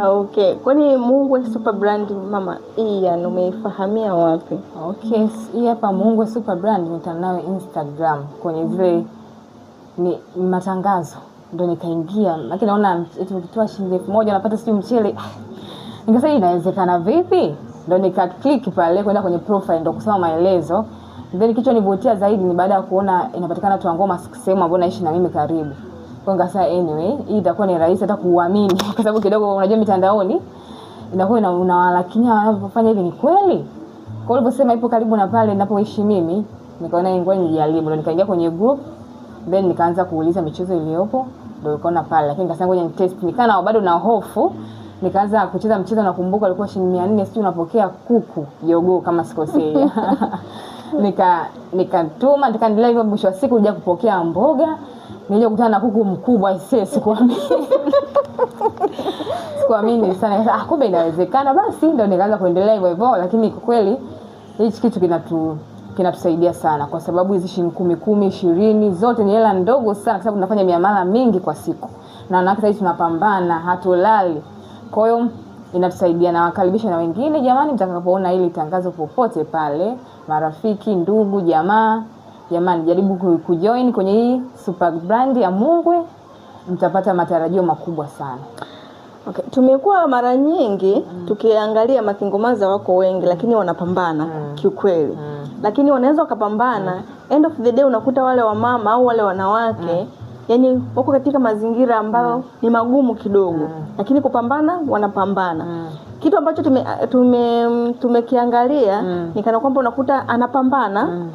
Ah, okay, kwani Mungwe Super Brand mama Ian umeifahamia wapi? Okay, hii hapa Mungwe Super Brand nitanao Instagram kwenye zile ni matangazo ndo nikaingia, lakini naona eti ukitoa shilingi elfu moja unapata sijui mchele. Nikasema inawezekana vipi? Ndo nika click pale kwenda kwenye profile ndo kusoma maelezo, then kichwa nivutia zaidi ni baada ya kuona inapatikana Twangoma, sehemu ambayo naishi na mimi karibu kwanga saa anyway, hii itakuwa ni rahisi hata kuamini kwa sababu kidogo unajua mitandaoni inakuwa ina unawalakinya wanavyofanya hivi ni kweli. Kwa hiyo uliposema ipo karibu na pale ninapoishi mimi, nikaona ingwa nijaribu, ndio nikaingia kwenye group, then nikaanza kuuliza michezo iliyopo, ndio nikaona pale, lakini nikasema ngoja ni test, nikana bado na hofu nikaanza kucheza mchezo. Nakumbuka alikuwa shilingi 400 sijui unapokea kuku jogoo kama sikosea nika nikatuma nikaendelea hivyo, mwisho wa siku nija kupokea mboga nilikuja kukutana na kuku mkubwa, sikuamini sikuamini sana, ah, kumbe inawezekana. Basi ndio nikaanza kuendelea hivyo hivyo, lakini kwa kweli hichi kitu kinatu kinatusaidia sana kwa sababu hizi shilingi kumi kumi ishirini zote ni hela ndogo sana, kwa sababu tunafanya miamala mingi kwa siku, na wanawake sasa tunapambana, hatulali. Kwa hiyo inatusaidia, na na wengine jamani, mtakapoona hili tangazo popote pale, marafiki, ndugu, jamaa Jamani, jaribu kujoin kwenye hii super brand ya Mungwe, mtapata matarajio makubwa sana. Okay. Tumekuwa mara nyingi mm. tukiangalia makingomaza wako wengi lakini wanapambana mm. kiukweli mm. lakini wanaweza wakapambana mm. end of the day unakuta wale wamama au wale wanawake mm. yani wako katika mazingira ambayo mm. ni magumu kidogo mm. lakini kupambana wanapambana mm. kitu ambacho tumekiangalia tume, tume, tume mm. ni kana kwamba unakuta anapambana mm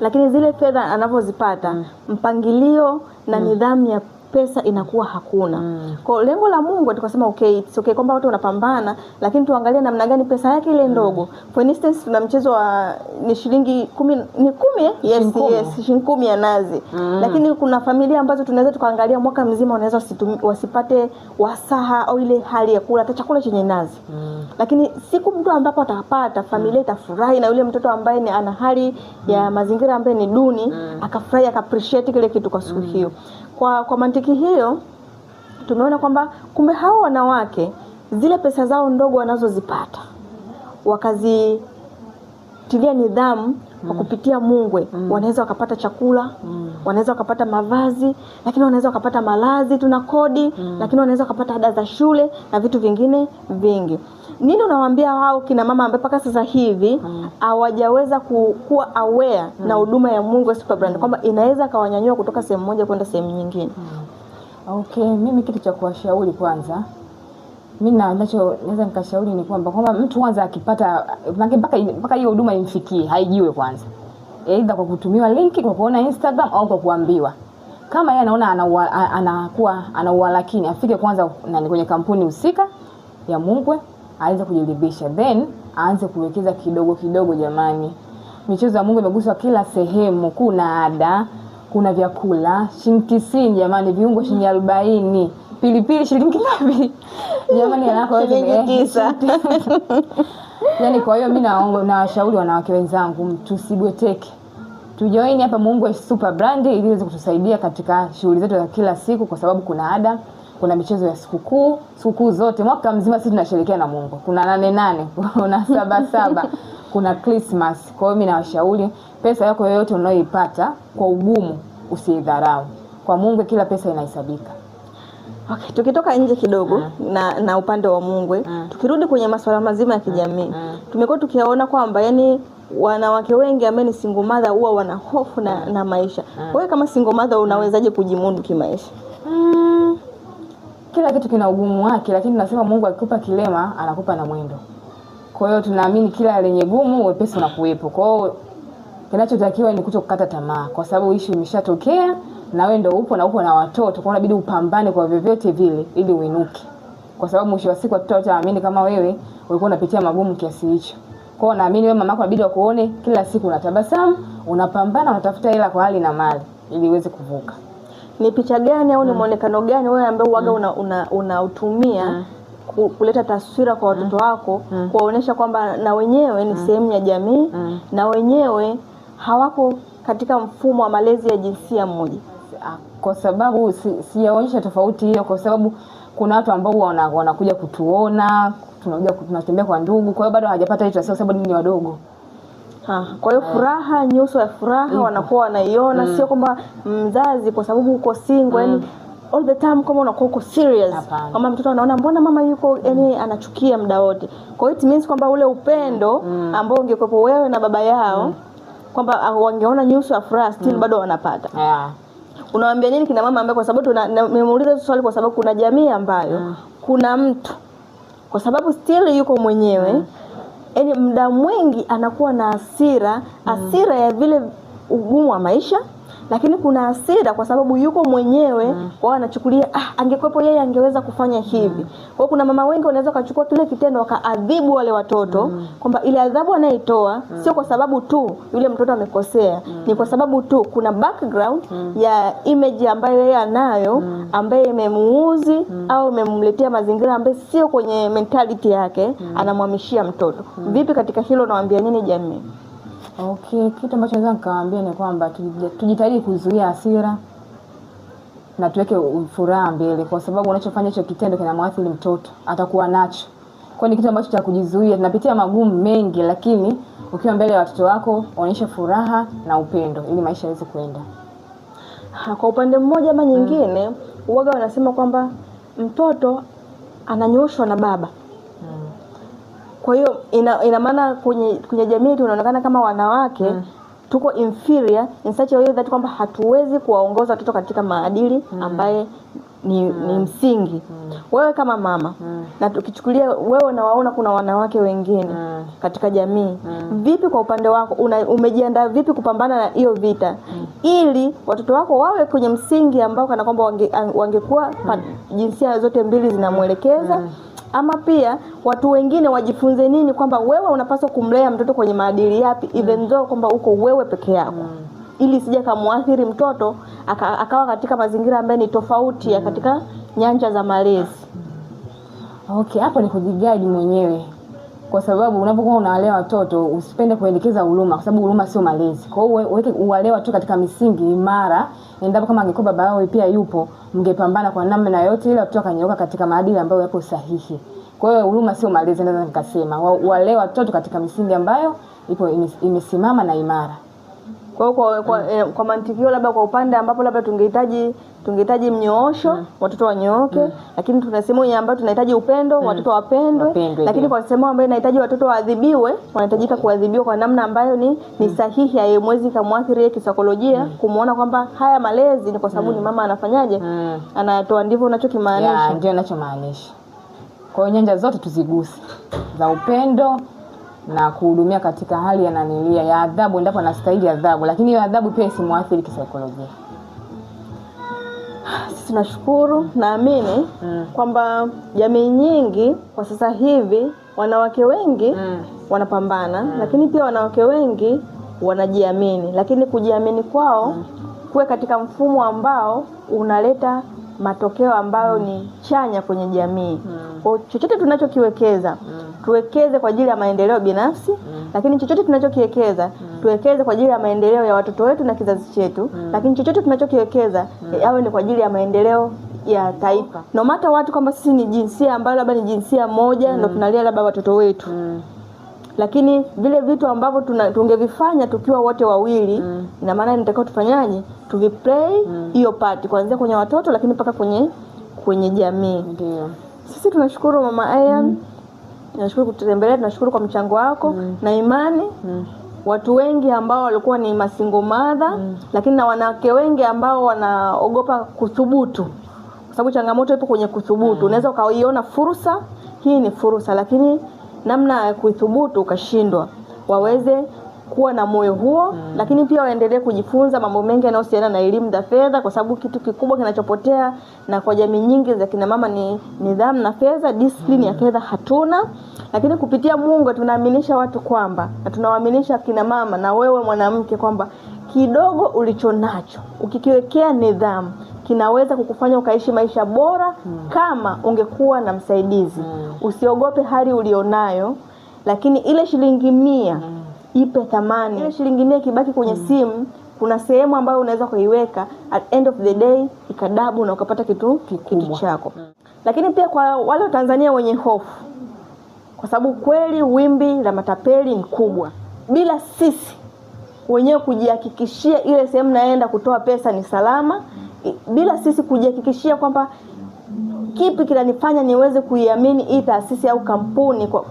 lakini zile fedha anavyozipata mm. mpangilio na mm. nidhamu ya pesa inakuwa hakuna. Mm. Kwa lengo la Mungu tukasema okay, it's okay kwamba watu wanapambana, lakini tuangalie namna gani pesa yake ile ndogo. Mm. For instance tuna mchezo wa ni shilingi kumi, ni kumi, yes, Shinkumu. yes, shilingi kumi ya nazi. Mm. Lakini kuna familia ambazo tunaweza tukaangalia mwaka mzima wanaweza wasipate wasaha au ile hali ya kula hata chakula chenye nazi. Mm. Lakini siku mtu ambapo atapata familia mm. itafurahi na yule mtoto ambaye ni ana hali ya mm. mazingira ambaye ni duni mm. akafurahi aka kile kitu kwa siku mm. hiyo. Mm. Kwa, kwa mantiki hiyo tumeona kwamba kumbe hao wanawake zile pesa zao ndogo wanazozipata wakazitilia nidhamu mm. kwa kupitia Mungwe mm. mm. wanaweza wakapata chakula mm. wanaweza wakapata mavazi, lakini wanaweza wakapata malazi, tuna kodi mm. lakini wanaweza wakapata ada za shule na vitu vingine vingi. Nini unawaambia hao kina mama ambao mpaka sasa hivi mm. hawajaweza mm. kuwa aware mm. na huduma ya Mungwe Superbrand mm. kwamba inaweza kawanyanyua kutoka sehemu moja kwenda sehemu nyingine? mm. Okay, mimi kitu cha kuwashauri kwanza mimi nacho naweza nikashauri ni kwamba kwamba mtu kwanza akipata mpaka mpaka hiyo huduma imfikie, haijiwe kwanza, aidha kwa kutumiwa linki, kwa kuona Instagram au kwa kuambiwa. Kama yeye anaona anakuwa ana lakini afike kwanza nani kwenye kampuni husika ya Mungwe aanze kujiridhisha, then aanze kuwekeza kidogo kidogo. Jamani, michezo ya Mungwe imeguswa kila sehemu, kuna ada, kuna vyakula shilingi tisini, jamani, viungo shilingi arobaini pilipili shilingi ngapi? Jamani, eh, tisa. yani kwa hiyo mi nawashauri wanawake wenzangu, tusibweteke, tujoini hapa Muungwe Super Brand ili iweze kutusaidia katika shughuli zetu za kila siku, kwa sababu kuna ada kuna michezo ya sikukuu, sikukuu zote mwaka mzima sisi tunasherekea na Mungu. Kuna nane nane, kuna saba saba, kuna Christmas. Kwa hiyo mimi nawashauri, pesa yako yoyote unayoipata kwa ugumu usiidharau. Kwa Mungu kila pesa inahesabika. Mm. Okay, tukitoka nje kidogo mm. na, na upande wa Mungwe mm. tukirudi kwenye masuala mazima ya kijamii mm. mm. tumekuwa tukiaona kwamba yani wanawake wengi ambao ni single mother huwa wana hofu na, mm. na maisha mm. wewe kama single mother unawezaje kujimudu kimaisha? mm. Kila kitu kina ugumu wake, lakini tunasema Mungu akikupa kilema anakupa na mwendo. Kwa hiyo tunaamini kila lenye gumu wepesi unakuwepo. Kwa hiyo kinachotakiwa ni kuto kukata tamaa, kwa sababu ishu imeshatokea na wewe ndio upo na upo na watoto, kwa unabidi upambane kwa vyovyote vile ili uinuke, kwa sababu mwisho wa siku watoto wataamini kama wewe ulikuwa unapitia magumu kiasi hicho. Kwao naamini wewe mamako inabidi wakuone kila siku unatabasamu, unapambana, unatafuta hela kwa hali na mali ili uweze kuvuka. Ni picha gani au ni muonekano mm. gani wewe ambaye uwaga unautumia mm. una, una mm kuleta taswira kwa watoto mm. wako, mm. kuwaonyesha kwamba na wenyewe ni mm. sehemu ya jamii, mm. na wenyewe hawako katika mfumo wa malezi ya jinsia moja? Ah, kwa sababu sijaonyesha tofauti hiyo, kwa sababu kuna watu ambao wanakuja kutuona, tunakuja tunatembea kwa ndugu, kwa hiyo bado hawajapata hicho, kwa sababu ni wadogo. Ha, kwa hiyo ah. furaha, nyuso ya furaha wanakuwa wanaiona mm. Sio kwamba mzazi kwa sababu uko single yani mm. all the time kama unakuwa uko serious kama mtoto anaona mbona mama yuko mm. yani anachukia muda wote, kwa hiyo it means kwamba ule upendo mm. ambao ungekuwepo wewe na baba yao mm kwamba ah, wangeona nyuso ya furaha still mm. bado wanapata yeah. Unawaambia nini kina mama ambaye, kwa sababu nimeuliza swali kwa sababu kuna jamii ambayo yeah. Mm. kuna mtu kwa sababu still yuko mwenyewe mm. yaani muda mwingi anakuwa na hasira mm. hasira mm. ya vile ugumu wa maisha lakini kuna hasira kwa sababu yuko mwenyewe mm. kwao anachukulia ah, angekwepo yeye angeweza kufanya hivi mm. kwao kuna mama wengi wanaweza wakachukua kile kitendo wakaadhibu wale watoto mm. kwamba ile adhabu anayeitoa mm. sio kwa sababu tu yule mtoto amekosea mm. ni kwa sababu tu kuna background mm. ya image ambayo yeye anayo mm. ambaye imemuuzi mm. au imemletea mazingira ambayo sio kwenye mentality yake mm. anamhamishia mtoto mm. vipi katika hilo nawaambia nini jamii Okay, kitu ambacho naweza nikawaambia ni kwamba tujitahidi kuzuia hasira na tuweke furaha mbele, kwa sababu unachofanya hicho kitendo kinamwathiri mtoto, atakuwa nacho. Kwa ni kitu ambacho cha kujizuia. Tunapitia magumu mengi, lakini ukiwa mbele ya watoto wako, onyesha furaha na upendo ili maisha yaweze kuenda. Ha, kwa upande mmoja ama hmm. nyingine, uwaga wanasema kwamba mtoto ananyoshwa na baba kwa hiyo ina, ina maana kwenye, kwenye jamii tunaonekana kama wanawake mm tuko inferior in such a way that kwamba hatuwezi kuwaongoza watoto katika maadili mm. ambaye ni, mm. ni msingi mm. wewe kama mama mm. na tukichukulia wewe unawaona kuna wanawake wengine mm. katika jamii mm. vipi kwa upande wako una, umejiandaa vipi kupambana na hiyo vita mm. ili watoto wako wawe kwenye msingi ambao kana kwamba wangekuwa wange, mm. jinsia zote mbili zinamwelekeza mm ama pia watu wengine wajifunze nini kwamba wewe unapaswa kumlea mtoto kwenye maadili yapi mm. even though kwamba uko wewe peke yako mm. ili sija kamwathiri mtoto akawa aka katika mazingira ambayo ni tofauti mm. ya katika nyanja za malezi. Mm. Okay, hapo ni kujigadi mwenyewe kwa sababu unapokuwa unawalea watoto usipende kuelekeza huruma, kwa sababu huruma sio malezi. Kwa hiyo uweke uwalee watoto katika misingi imara. Endapo kama angekuwa baba yao pia yupo, mngepambana kwa namna yote ile watoto akanyooka katika maadili ambayo yapo sahihi. Kwa hiyo huruma sio malezi, naweza nikasema walee watoto katika misingi ambayo ipo imesimama na imara. Kwa kwa, kwa, mm. eh, kwa mantikio labda kwa upande ambapo labda tungehitaji tungehitaji mnyoosho mm. watoto wanyooke mm. lakini tuna sehemu ambayo tunahitaji upendo mm. watoto wapendwe, wapendwe lakini kwa sehemu ambayo inahitaji watoto waadhibiwe wanahitajika mm. kuadhibiwa kwa namna ambayo ni, mm. ni sahihi haimwezi kamwathiri yeye kisaikolojia mm. kumwona kwamba haya malezi ni kwa sababu mm. ni mama anafanyaje mm. anatoa ndivyo unachokimaanisha yeah, ndio kwa hiyo nyanja zote tuziguse za upendo na kuhudumia katika hali ya nanilia ya adhabu endapo anastahili adhabu, lakini hiyo adhabu pia isimwathiri kisaikolojia. Sisi tunashukuru, naamini mm. kwamba jamii nyingi kwa sasa hivi wanawake wengi mm. wanapambana mm. lakini pia wanawake wengi wanajiamini, lakini kujiamini kwao mm. kuwe katika mfumo ambao unaleta matokeo ambayo mm. ni chanya kwenye jamii mm. kwa chochote tunachokiwekeza mm tuwekeze kwa ajili ya maendeleo binafsi mm. Lakini chochote tunachokiwekeza mm. tuwekeze kwa ajili ya maendeleo ya watoto wetu na kizazi chetu mm. Lakini chochote tunachokiwekeza mm. yawe eh, ni kwa ajili ya maendeleo ya taifa, no mata watu kwamba sisi ni jinsia ambayo labda ni jinsia moja mm. ndo tunalia labda watoto wetu mm lakini vile vitu ambavyo tungevifanya tukiwa wote wawili mm. ina maana nitakiwa tufanyaje, tuviplay mm. hiyo mm. part kuanzia kwenye watoto, lakini mpaka kwenye kwenye jamii. Ndio sisi tunashukuru Mama ayan mm ninashukuru kututembelea, tunashukuru kwa mchango wako mm. na imani mm. watu wengi ambao walikuwa ni masingo madha mm. lakini na wanawake wengi ambao wanaogopa kuthubutu, kwa sababu changamoto ipo kwenye kuthubutu mm. unaweza ukaiona fursa, hii ni fursa, lakini namna ya kuithubutu ukashindwa, waweze kuwa na moyo huo mm. Lakini pia waendelee kujifunza mambo mengi yanayohusiana na elimu za fedha, kwa sababu kitu kikubwa kinachopotea na kwa jamii nyingi za kina mama ni nidhamu na fedha, discipline mm. ya fedha hatuna. Lakini kupitia Mungu tunaaminisha watu kwamba, na tunawaaminisha kina mama na wewe mwanamke kwamba kidogo ulicho nacho ukikiwekea nidhamu kinaweza kukufanya ukaishi maisha bora mm. kama ungekuwa na msaidizi mm. Usiogope hali ulionayo, lakini ile shilingi mia mm ipe thamani ile yaani shilingi mia ikibaki kwenye mm. simu kuna sehemu ambayo unaweza kuiweka at end of the day ikadabu na ukapata kitu kikubwa chako mm. lakini pia kwa wale tanzania wenye hofu kwa sababu kweli wimbi la matapeli ni kubwa bila sisi wenyewe kujihakikishia ile sehemu naenda kutoa pesa ni salama bila sisi kujihakikishia kwamba kipi kinanifanya niweze kuiamini hii taasisi au kampuni kwa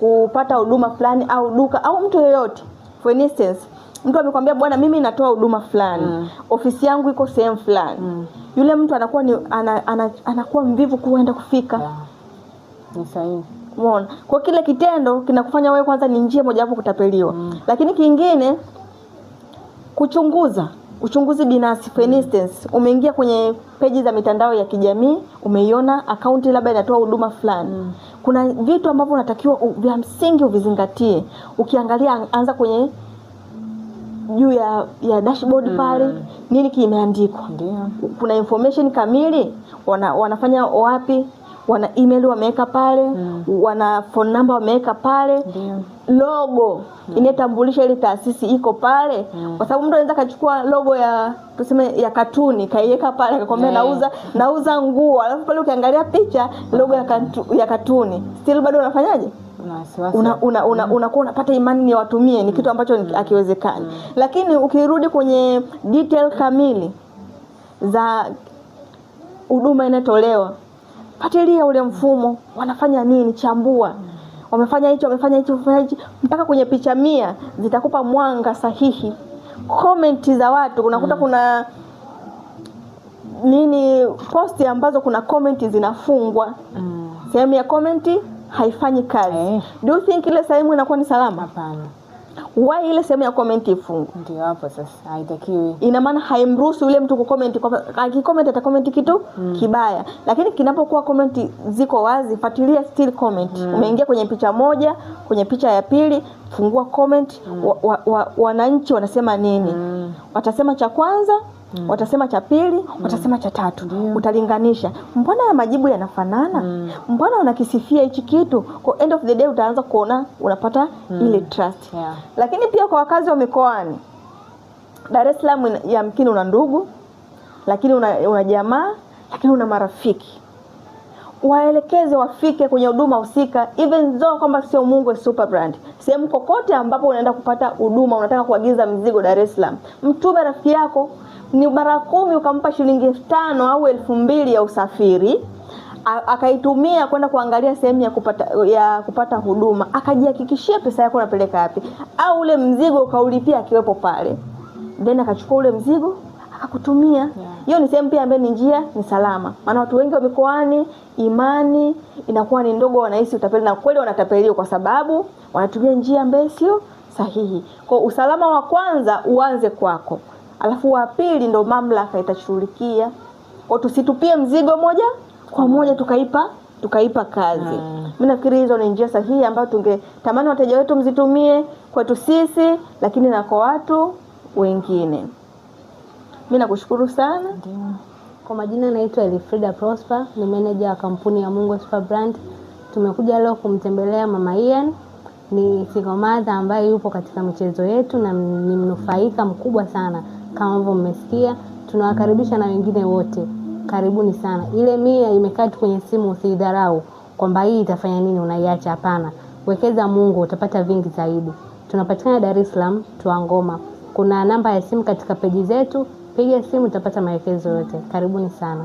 kupata huduma fulani au duka au mtu yoyote. For instance, mtu amekwambia bwana, mimi natoa huduma fulani mm. ofisi yangu iko sehemu fulani mm. yule mtu anakuwa ni, ana, ana, anakuwa mvivu kuenda kufika yeah. Ni kwa kile kitendo kinakufanya wewe kwanza ni njia mojawapo kutapeliwa mm. lakini kingine kuchunguza Uchunguzi binafsi, for mm. instance, umeingia kwenye peji za mitandao ya kijamii, umeiona akaunti labda inatoa huduma fulani mm. Kuna vitu ambavyo unatakiwa vya msingi uvizingatie. Ukiangalia, anza kwenye juu ya, ya dashboard mm. pale nini kimeandikwa, Kuna information kamili wana, wanafanya wapi wana email wameweka pale mm. wana phone number wameweka pale mm. logo mm. inayotambulisha ile taasisi iko pale mm. kwa sababu mtu anaweza akachukua logo ya tuseme ya katuni kaiweka pale akakwambia yeah. Mm. nauza nauza nguo, alafu pale ukiangalia picha logo ya, katu, ya katuni still bado unafanyaje? unakuwa una, una, mm. unakuwa unapata imani ni watumie ni kitu ambacho mm. akiwezekani mm. lakini ukirudi kwenye detail kamili za huduma inatolewa fatilia ule mfumo, wanafanya nini, chambua wamefanya hicho wamefanya hicho wamefanya hicho mpaka kwenye picha mia zitakupa mwanga sahihi. Komenti za watu unakuta mm. kuna nini posti ambazo kuna komenti zinafungwa mm. sehemu ya komenti haifanyi kazi eh. Do you think ile sehemu inakuwa ni salama? Hapana wai ile sehemu ya comment ifungwe. Ndio hapo sasa haitakiwi. Ina maana haimruhusu yule mtu kucomment kwa ata comment kitu mm. kibaya. Lakini kinapokuwa comment ziko wazi, fuatilia still comment. Mm. Umeingia kwenye picha moja, kwenye picha ya pili, fungua comment mm. wananchi wa, wa, wanasema nini? Mm. Watasema cha kwanza mm. watasema cha pili mm. watasema cha tatu yeah. Utalinganisha, mbona ya majibu yanafanana mm. mbona unakisifia hichi kitu, kwa end of the day utaanza kuona unapata mm. ile trust yeah. Lakini pia kwa wakazi wa mikoani, Dar es Salaam yamkini una ndugu, lakini una, una jamaa, lakini una marafiki waelekeze wafike kwenye huduma husika, even though kwamba sio Mungwe super brand, sehemu kokote ambapo unaenda kupata huduma, unataka kuagiza mzigo Dar es Salaam, mtume rafiki yako ni mara kumi ukampa shilingi elfu tano au elfu mbili ya usafiri akaitumia kwenda kuangalia sehemu ya kupata ya kupata huduma, akajihakikishia pesa yako unapeleka wapi, au ule mzigo ukaulipia akiwepo pale, then akachukua ule mzigo akakutumia. Hiyo yeah. ni sehemu pia ambayo ni njia ni salama, maana watu wengi wa mikoani imani inakuwa ni ndogo, wanahisi utapeli, na kweli wanatapeliwa kwa sababu wanatumia njia ambayo sio sahihi. Kwa usalama wa kwanza uanze kwako alafu wa pili ndo mamlaka itashughulikia kwa, tusitupie mzigo moja kwa moja tukaipa tukaipa kazi mm. Mi nafikiri hizo ni njia sahihi ambayo tungetamani wateja wetu mzitumie kwetu sisi, lakini na kwa watu wengine. Mi nakushukuru sana Kwa majina naitwa Elfrida Prosper, ni meneja wa kampuni ya Mungu Super Brand. Tumekuja leo kumtembelea mama Ian, ni single mother ambaye yupo katika michezo yetu na ni mnufaika mkubwa sana kama ambavyo mmesikia, tunawakaribisha na wengine wote, karibuni sana. Ile mia imekaa tu kwenye simu, usidharau kwamba hii itafanya nini, unaiacha. Hapana, wekeza Mungu, utapata vingi zaidi. Tunapatikana Dar es Salaam, Tuangoma. Kuna namba ya simu katika peji zetu, piga simu, utapata maelekezo yote. Karibuni sana.